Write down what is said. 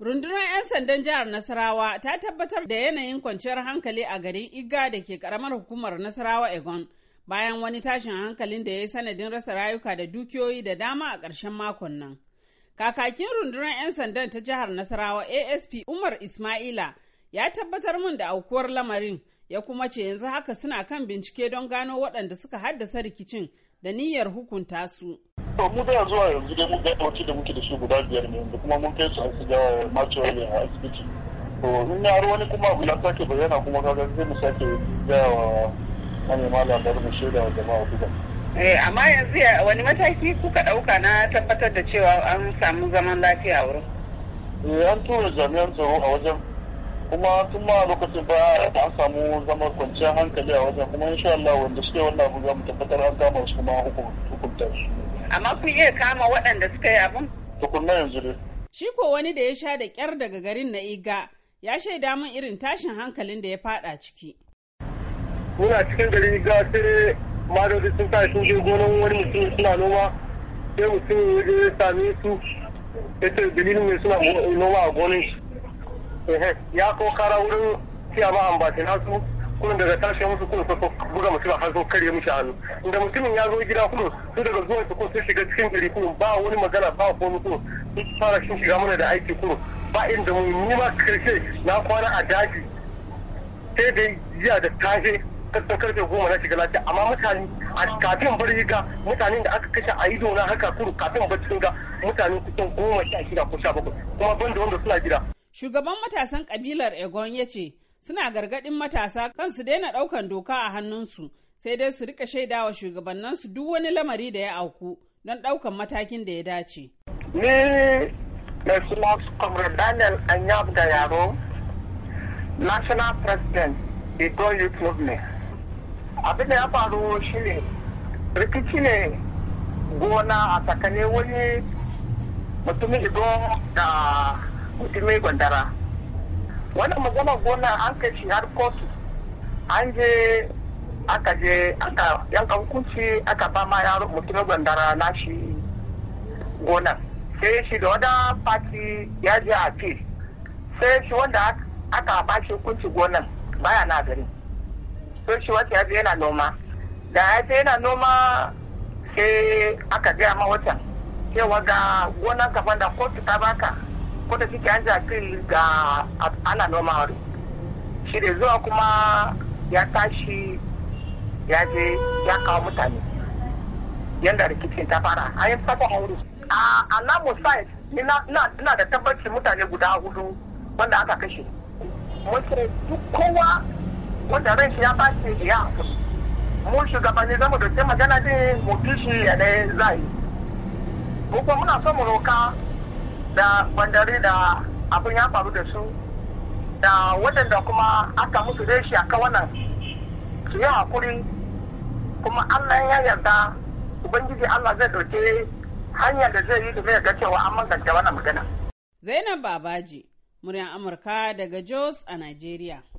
Rundunar 'yan sandan jihar Nasarawa ta tabbatar da yanayin kwanciyar hankali a garin Iga da ke karamar hukumar Nasarawa Egon bayan wani tashin hankalin da ya yi sanadin rasa rayuka da dukiyoyi da dama a ƙarshen makon nan. Kakakin rundunar 'yan sandan ta jihar Nasarawa ASP Umar Ismaila ya tabbatar min da aukuwar lamarin ya kuma ce yanzu haka suna kan bincike don gano waɗanda suka haddasa rikicin da niyyar hukunta su. to mu da zuwa yanzu dai mun ga ɗauki da muke da shi guda biyar ne yanzu kuma mun kai su asibiti macewali a asibiti to in ya har wani kuma abu ya sake bayyana kuma kaga zai mu sake gaya wa manema labarin mu shaida wa jama'a duka. Eh, amma yanzu wani mataki kuka ɗauka na tabbatar da cewa an samu zaman lafiya a wurin? Eh, an tura jami'an tsaro a wajen kuma tun ma lokacin ba an samu zaman kwanciyar hankali a wajen kuma insha Allah wanda suke wannan abu za mu tabbatar an kama su kuma hukunta su. amma kun iya kama waɗanda suka yi abin tukunna yanzu shi ko wani da ya sha da kyar daga garin na iga ya shaida min irin tashin hankalin da ya fada ciki muna cikin garin iga sai madadi sun tashi sun je gonan wani mutum suna noma sai mutum ya je sami su ya ce dalilin mai suna noma a gonan shi ya kawo kara wurin ciyama ambatina su kuma daga tashi musu kuma su buga mutum har zo karye mishi hannu inda mutumin ya zo gida kuma su daga zuwan su kuma sun shiga cikin gari kuma ba wani magana ba komai kuma sun fara sun shiga mana da aiki kuma ba inda mu ni ma karshe na kwana a daji sai dai jiya da tashi kasan karfe goma na shiga lafiya amma mutane a kafin bari ga mutanen da aka kashe a ido na haka kuma kafin bacci ga mutane kusan goma sha shida ko sha bakwai kuma banda wanda suna gida. Shugaban matasan kabilar Egon ya ce suna gargadin matasa kan su daina daukan doka a hannunsu sai dai su rika shaidawa shugabannin su duk wani lamari da ya auku don ɗaukan matakin da ya dace. Ni da smart comrade Daniel Anyab da yaro National President Ido Youth Movement. Abin da ya faru shi ne rikici ne gona a tsakanin wani mutumin Ido da mutumin Gwandara. wannan magana gona an kashi shi har kotu an je aka je aka yan kankunci aka ba ma yaro ya gwandara na shi gonar sai shi da wada fati ya je a fil sai shi wanda aka ba shi kunci gonar baya na gari sai shi wata ya je yana noma da ya je yana noma sai aka gaya ma watan cewa ga gonar gaban da kotu ta baka ko da kike an jakiri ga ana noma shi da zuwa kuma ya tashi ya je ya kawo mutane yadda rikicin ta fara a yin a wuri a namu site ina da tabbaci mutane guda hudu wanda aka kashe muke duk kowa wanda ran shi ya bashi ya hakuri mu shugabanni zama da ke magana din mu shi ya ne za yi. muna so mu roka da bandare da abin ya faru da su da waɗanda kuma aka musu reshi a kawanan su yi hakuri kuma allah ya yarda ubangiji allah zai dauke hanyar da zai yi da ga cewa an manganta wannan magana zainab babaji muryar amurka daga jos a nigeria